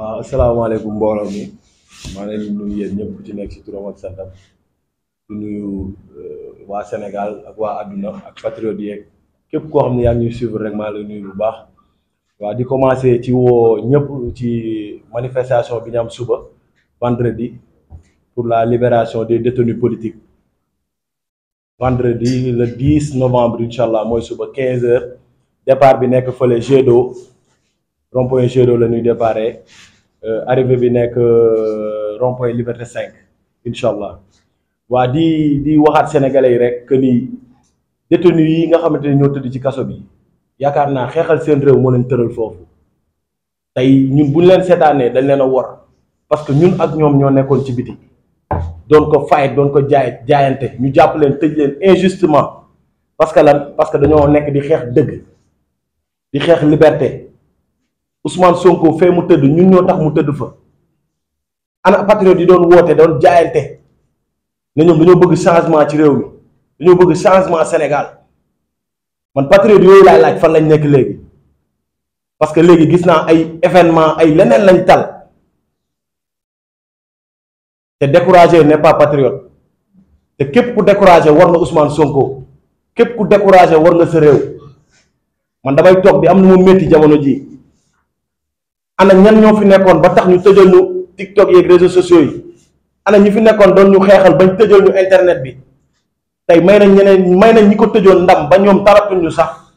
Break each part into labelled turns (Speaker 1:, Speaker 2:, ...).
Speaker 1: waaw asalaamaaleykum mbooloo mi maa ngi leen di nuyu yéen ñëpp ku ci nekk ci turam ak santam di nuyu euh, waa Sénégal ak waa àdduna ak patriote yeeg képp koo xam ne yaa ngi ñuy suivre rek maa ngi lay bu baax waa di commencé ci woo ñëpp ci manifestation bi ñu am suba vendredi pour la libération des détenus politiques vendredi le 10 novembre incha allah mooy suba 15 heures départ bi nekk fale Gédo rond-point Gédo la Euh, arrivé bi nekk euh, rond-point Liberté 5 incha allah waa di di waxaat sénégalais yi rek que ni détenu yi nga xamante ne ñoo tëdd ci kaso bi yaakaar naa xeexal seen réew moo leen tëral foofu tey ñun bu ñu leen seetaanee dañ leen a war parce que ñun ak ñoom ñoo nekkoon ci biti doon ko fayet doon ko jaay jaayante ñu jàpp leen tëj leen injustement parce que lan parce que dañoo nekk di xeex dëgg di xeex liberté. Ousmane Sonko fee mu tëdd ñun ñoo tax mu tëdd fa ana patriote yi doon woote doon jaayante ne ñoom dañoo bëgg changement ci réew mi dañoo bëgg changement Sénégal man patriote yooyu laay laaj fan lañ nekk léegi parce que léegi gis naa ay événement ay leneen lañ tal te découragé n'est pas patriote te képp ku découragé war na Ousmane Sonko képp ku découragé war nga sa réew man damay toog bi am na mu métti jamono jii ana ñan ñoo fi nekkoon ba tax ñu tëjal ñu TikTok yeeg réseaux sociaux yi ana ñi fi nekkoon doon ñu xeexal bañ tëjal ñu internet bi tey may nañ ñeneen may nañ ñi ko tëjoon ndam ba ñoom taratuñ ñu sax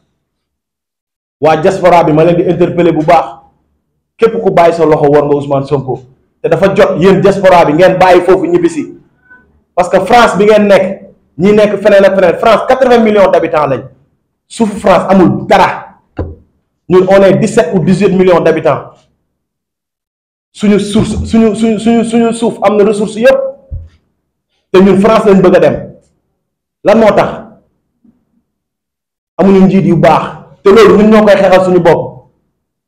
Speaker 1: waa diaspora bi ma leen di interpeller bu baax képp ku bàyyi sa loxo war nga Ousmane Sonko te dafa jot yéen diaspora bi ngeen bàyyi foofu ñibbisi parce que France bi ngeen nekk ñi nekk feneen ak feneen France quatre-vingts millions d'habitants lañ suuf France amul dara ñun on est dix-sept ou dix-huit millions suñu suuf suñu suñu suñu suñu suuf am na ressource yépp te ñun France lañ bëgg a dem lan moo tax amuñu njiit yu baax te loolu ñun ñoo koy xeexal suñu bopp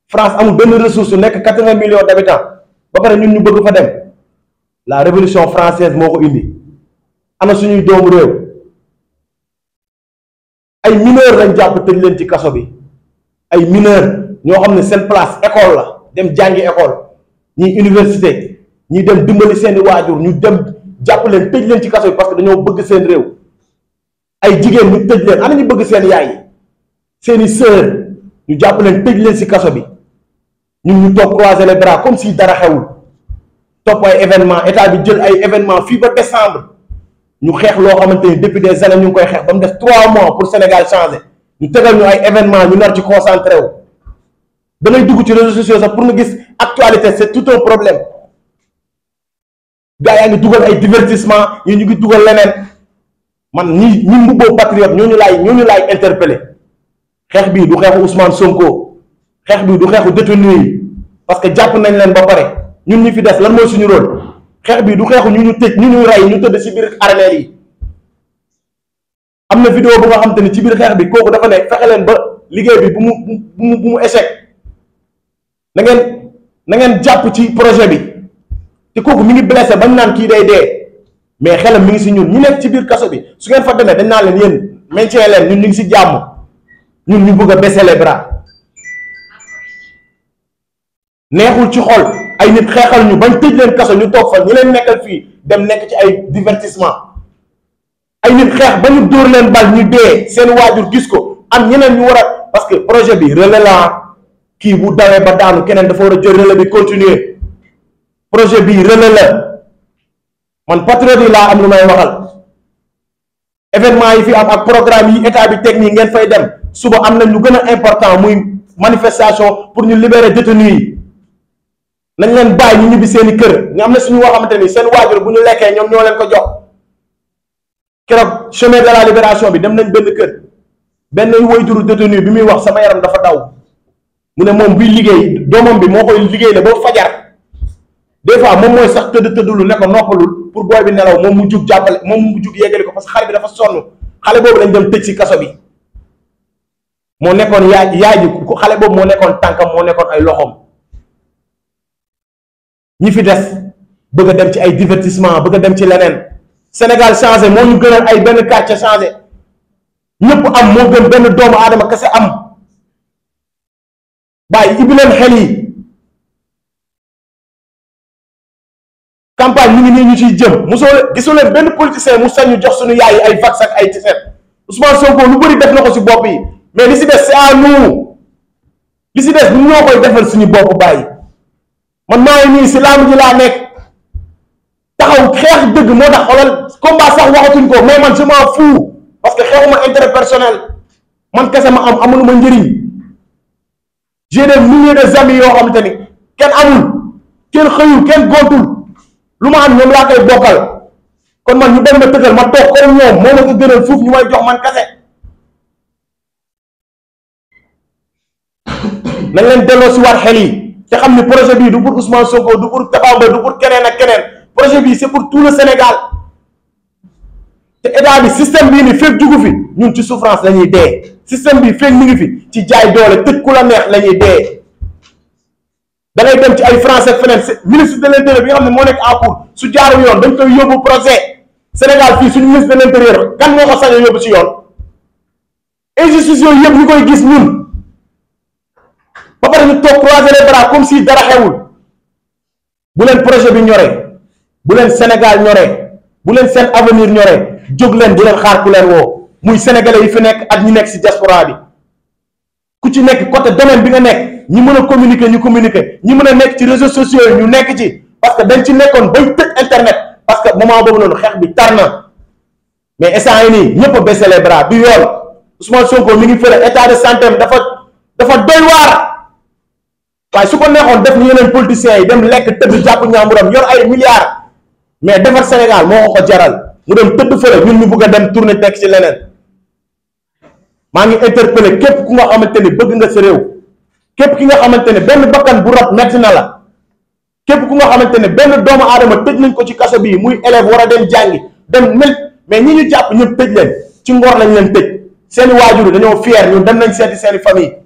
Speaker 1: France amul benn ressource nekk quatre-vingts millions d'habitants ba pare ñun ñu bëgg fa dem la révolution française moo ko indi na suñuy doomu réew ay mineurs lañ jàpp tëj leen ci kaso bi ay mineurs ñoo xam ne seen place école la dem jàngi école ñu université ñu dem dimbali seeni waajur ñu dem jàpp leen tëj leen ci kaso yi parce que dañoo bëgg seen réew ay jigéen ñu tëj leen ana ñu bëgg seen yaay yi seeni sœur ñu jàpp leen tëj leen ci kaso bi ñun ñu toog croiser les bras comme si dara xewul topp ay événement état bi jël ay événement fii ba décembre ñu xeex loo xamante ni depuis des années ñu ngi koy xeex ba mu def trois mois pour Sénégal changer ñu tegal ñu ay événement ñu nar ci concentré wu da ngay dugg ci réseaux sociaux pour nga gis actualité c'est tout un problème gaa yaa ngi dugal ay divertissement yi ñu ngi dugal leneen man ñi ñi mbubboo patriote ñooñu laay ñooñu laay interpellé xeex bi du xeexu Ousmane Sonko xeex bi du xeexu détenu yi parce que jàpp nañ leen ba pare ñun ñu fi des lan mooy suñu rôle xeex bi du xeexu ñu ñu tëj ñu ñu rey ñu tëdd ci biir armeel yi am na vidéo bu nga xam te ni ci biir xeex bi kooku dafa ne fexe leen ba liggéey bi bu mu bu mu bu mu échec na nangeen jàpp ci projet bi te kooku mu ngi blessé bañ naan kii day dee mais xelam mu ngi si ñun ñu nekk ci biir kaso bi su ngeen fa demee dañ naan leen yéen maintien leen ñun ñu ngi si jàmm ñun ñu bëgg a baisser les bras neexul ci xol ay nit xeexal ñu bañ tëj leen kaso ñu toog fa ñu leen nekkal fii dem nekk ci ay divertissement ay nit xeex ba ñu dóor leen bal ñu dee seen waajur gis ko am ñeneen ñu war a parce que projet bi relais kii bu dawee ba daanu keneen dafa war a jël relais bi continuer projet bii relais la man patriote yi laa am lu may waxal événement yi fi am ak programme yi état bi technique ngeen fay dem suba am na lu gën a important muy manifestation pour ñu libérer détenus yi nañ leen bàyyi ñu ñibbi seeni kër ñu am na suñu woo xamante ni seen waajur bu ñu lekkee ñoom ñoo leen ko jox keroog chemin de la libération bi dem nañ benn kër benn waajuru détenu bi muy wax sama daw mu ne moom buy liggéey doomam bi moo koy liggéey la ba fajar des fois moom mooy sax tëdd tëddulu ne ko noppalul pour booy bi nelaw moom mu jug jàppale moom mu jug yeggali ko parce que xale bi dafa sonn xale boobu lañ dem tëj si kaso bi moo nekkoon yaay yaay ji ku xale boobu moo nekkoon tànkam moo nekkoon ay loxoom ñi fi des bëgg a dem ci ay divertissement bëgg a dem ci leneen Sénégal changé moo ñu gënal ay benn quartier changé ñëpp am moo gën benn doomu aadama kese am bàyyi ibbi leen xel yi campagne ñu ngi nii ñu ciy jëm mosoo gisoo benn politicien mu sañu jox suñu yaay ay vax ak ay tiset Ousmane Sonko lu bëri def na ko si bopp yi mais li si des c'est à nous li si des ñoo koy defal suñu bopp bàyyi man maa ngi nii si laamu ji laa nekk taxaw xeex dëgg moo tax xoolal combat sax waxatuñ ko mais man je m'en fous parce que xeexuma intérêt personel man kese ma am ma njëriñ. j'ai des milliers de amis yoo xamante ni kenn amul ken xëyul kenn gontul lu ma am ñoom laa koy bokkal kon man ñu dem ma tëtal ma toog comme ñoom moo ma ko gënal fuuf ñu may jox man kase nañ leen delloo si waat xel yi te xam ni projet bii du pour Ousmane Sonko du pour Tapha Mbeur du pour keneen ak keneen projet bii c'est pour tout le Sénégal état bi système bii nii fekk jugu fi ñun ci souffrance la ñuy dee système bi fekk mi ngi fi ci jaay doole tëj ku la neex la ñuy dee da dem ci ay français feneen ministre de l'intérieur bi nga xam ne moo nekk en cours su jaarul yoon dañ koy yóbbu procès Sénégal fii suñu ministre de l'intérieur kan moo ko sañ a yóbbu ci yoon injustice yooyu yëpp koy gis ñun ba pare ñu toog croiser les bras comme si dara xewul bu leen projet bi ñore bu leen Sénégal ñoree. bu leen seen avenir ñoree jóg leen bu leen xaar ku leen woo muy sénégalais yi fi nekk ak ñi nekk ci diaspora bi ku ci nekk côté domaine bi nga nekk ñi mën a communiquer ñu communiquer ñi mën a nekk ci réseaux sociaux yi ñu nekk ci parce que dañ ci nekkoon bay tëj internet parce que moment boobu noonu xeex bi tar mais instant yi nii ñëpp a baissé les bras bi yool Ousmane Sonko mi ngi fële état de santé dafa dafa doy waar waaye su ko neexoon def ni yeneen politiciens yi dem lekk tëdd jàpp ñaamuram yor ay milliards. mais defar Sénégal moo ko ko jaral mu dem tëdd fële ñun ñu bugg a dem tourner teg ci leneen maa ngi interpellé képp ku nga xamante ni bëgg nga sa réew képp ki nga xamante ne benn bakkan bu rot metti na la képp ku nga xamante ne benn doomu aadama tëj nañ ko ci kaso bii muy élève war a dem jàngi dem mel mais ñi ñu jàpp ñu tëj leen ci ngor lañ leen tëj seeni waajur dañoo fier ñun dem nañ seeti seeni famille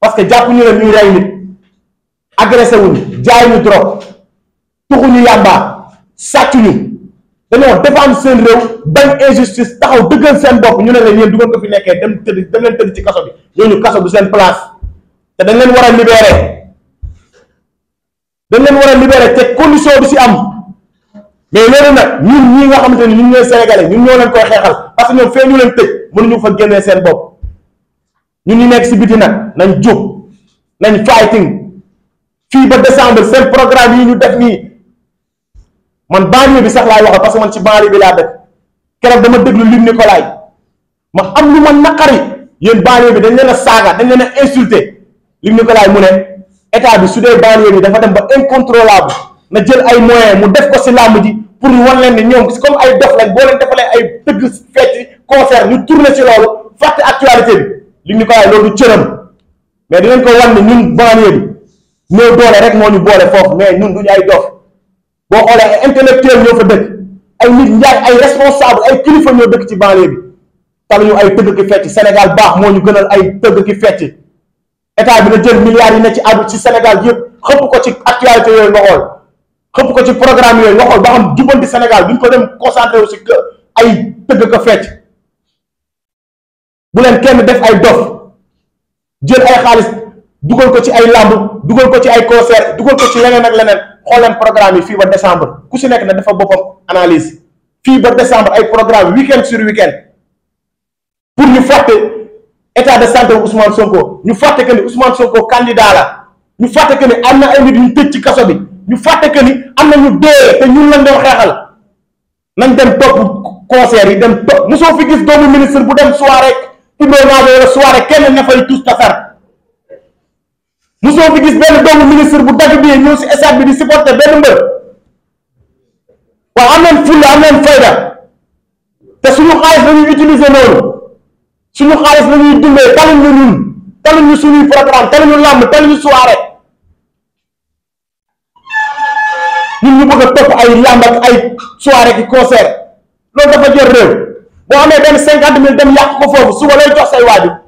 Speaker 1: parce que jàpp ñu leen ñuy rey nit agressé wuñ jaay ñu drogue tuxuñu sàccuñu dañoo défendre seen réew bañ injustice taxaw dëggal seen bopp ñu ne la ñeen du ngeen ko fi nekkee dem tëdd dem leen tëdd ci kaso bi ñooñu kaso bu seen place te dañ leen war a libéré dañ leen war a libéré te condition bi si am mais loolu nag ñun ñi nga xam xamante ni ñun ñooy sénégalais ñu ñoo leen koy xeexal parce que ñoom fee ñu leen tëj mënuñu fa génnee seen bopp ñu ñu nekk si biti nag nañ jóg nañ fighting fii ba décembre seen programme yi ñu def nii man banlieue bi sax laay waxal parce que man ci banlieue bi laa dëkk keroog dama déglu Luc Nicolaï ma am lu ma naqari yéen banlieue bi dañ leen a saaga dañ leen a insulté Luc Nicolaï mu ne état bi su dee banlieue bi dafa dem ba incontrôlable na jël ay moyens mu def ko si làmb ji pour ñu wan leen ni ñoom comme ay dof lañ boo leen defalee ay tëgg fecc concert ñu tourné si loolu fàtte actualité bi Luc Nicolaï loolu du cëram mais dinañ ko wan ne ñun banlieue bi ñoo rek moo ñu boole foofu mais ñun duñu ay dof boo xoolee ay intellectuel ñoo fa dëkk ay nit njaay ay responsable ay kilifa ñoo dëkk ci banlieue bi taluñu ay tëgg ki fecc Sénégal baax moo ñu gënal ay tëgg ki fecc état bi na jël milliards yi ne ci àddu ci Sénégal yëpp xëpp ko ci actualité yooyu nga xool xëpp ko ci programme yooyu nga xool ba xam jubbanti Sénégal duñ ko dem concentré wu si ay tëgg ka fecc bu leen kenn def ay dof jël ay xaalis dugal ko ci ay làmb dugal ko ci ay concert dugal ko ci leneen ak leneen xooleen programme yi fii ba décembre ku si nekk na dafa boppam analyse fii ba décembre ay programme week-end sur week-end pour ñu fàtte état de santé wu Ousmane Sonko ñu fàtte que ni Ousmane Sonko candidat la ñu fàtte que ni am na ay ñu tëj ci kaso ñu fàtte que ni am na ñu dee te ñun lañ doon xeexal nañ dem topp concert yi dem topp mosoo fi gis doomu ministre bu dem soirée publicité wala soirée kenn ña fay tous tasar mosoo fi gis benn doomu ministre bu dagg bi ñëw si stade bi di supporter benn mbër waaw am nañ fulla am nañ fayda te suñu xaalis lañuy ñuy utiliser noonu suñu xaalis la ñuy dundee taluñu ñun taluñu suñuy programme taluñu làmb taluñu soirée ñun ñu bëgg a topp ay làmb ak ay soirée ki concert loolu dafa jot réew boo amee benn cinquante mille dem yàq ko foofu suba lay jox say waajur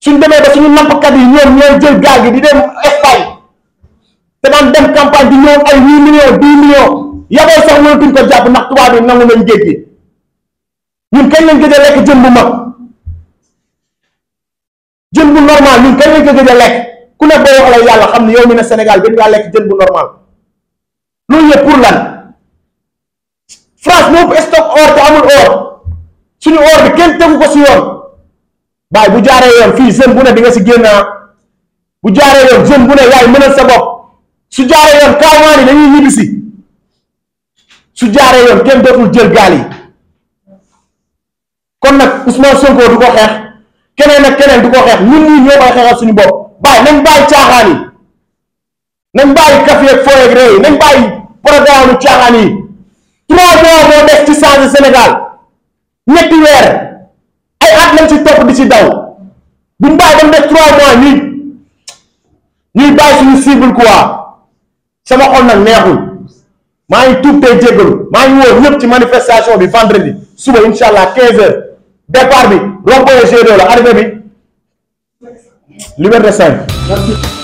Speaker 1: suñ demee ba suñu nappkat yi ñoom ñooy jël gaal gi di dem Espagne te daan dem campagne di ñëw ay huit millions dix millions yaboo sax mënatuñ ko jàpp ndax tubaab nangu nañ géej ñun kañ lañ gëj a lekk jën ma mag jën ñun kañ lañ a lekk ku ne boo waxee yàlla xam ne yow mi ne Sénégal gën ngaa lekk jën bu normal loolu yëpp pour France moo ëpp stock amul or suñu or bi kenn tegu ko si yoon. baay bu jaaree yoon fi jeune bu ne di nga si génn ah. bu jaaree yoon jeune bu ne yaay mën sa bopp su jaaree yoon kaamaani dañuy ñibbisi su jaaree yoon kenn dootul jël gaal kon nag Ousmane Sonko du ko xeex keneen ak keneen du ko xeex ñun ñii ñoo koy xeexal suñu bopp baay nañ bàyyi caaxaan yi nañ bàyyi café ak fooy ak réew yi nañ bàyyi programme caaxaan yi trois mois moo def ci changé Sénégal ñetti weer ay at lañ ci topp di ci daw bu mu bàyyi ba mu nekk trois mois ñuy ñuy bàyyi suñu cible quoi sama xol nag neexul maa ngi tuub tey jéggalu maa ngi woo ñëpp ci manifestation bi bi suba incha allah 15 heures départ bi rond-point Gédo la arrivée bi Liberté 5.